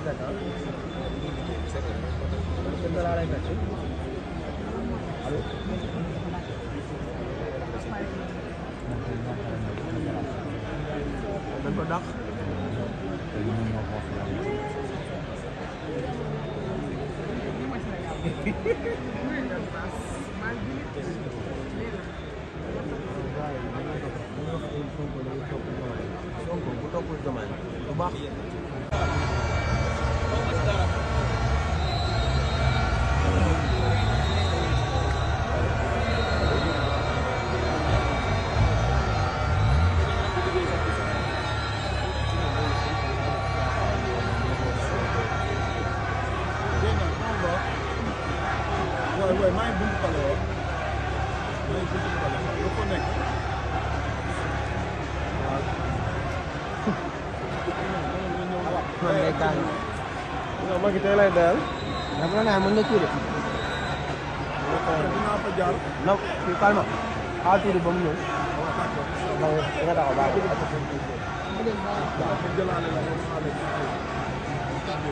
ఆడేదాట కిందలు ఆడేటట్టు అది Thank you. nekk. man day kaay. non ma gi tey lay dayal. dafa la neex mën na tuuri. dinaa fa jaar. non kii calme. xaar tuuri ba mu ñëw. waaw nga taxaw baax na. Thank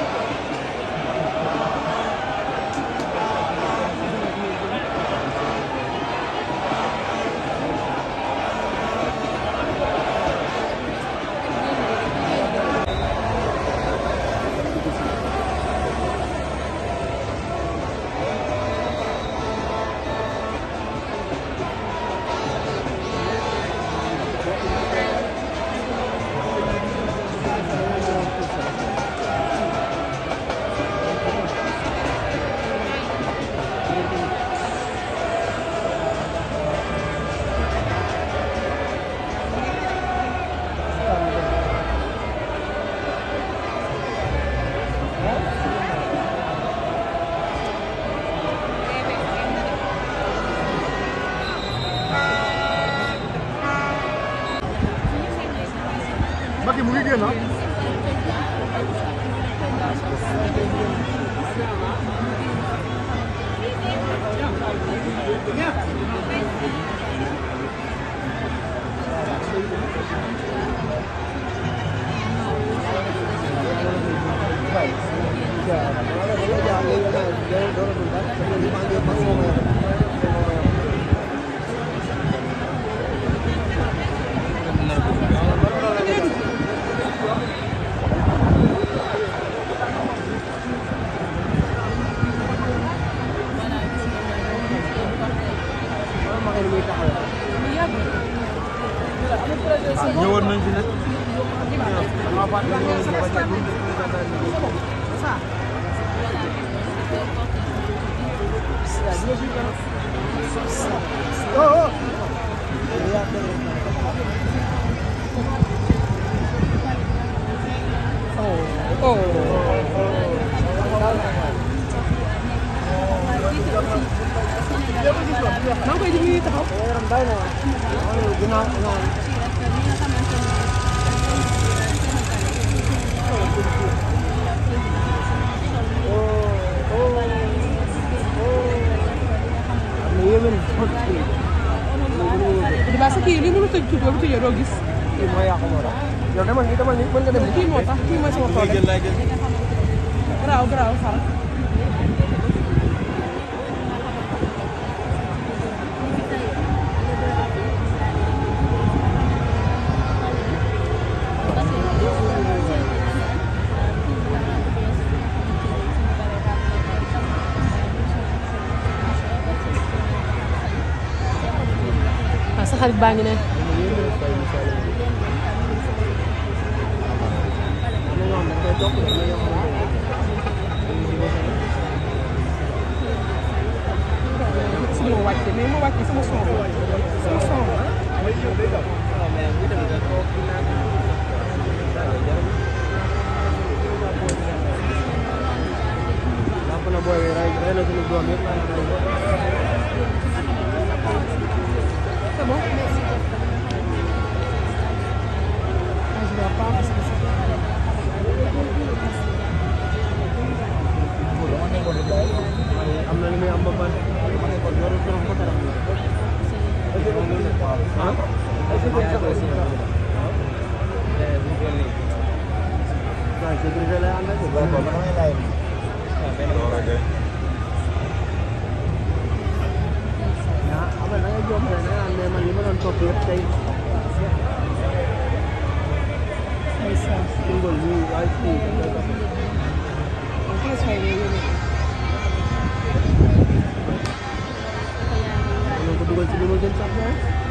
you. Büyük ya lan. ñëwoon nañ fi nag Oh. Oh. waaw sa kii lii mënul tëj tuuti ba bu tëjee doo gis. kii mooy yàqu moo tax yow demal nii demal nii mën nga dem. kii moo tax kii mooy sama tool rek. garaaw garaaw far. xarit baa amal na nga jóg rek da ngaa ne man li ma doon topp yëpp tey. Tungal bi waaye kii bi nga doon. ma ne ko dugal ci li ma gën sax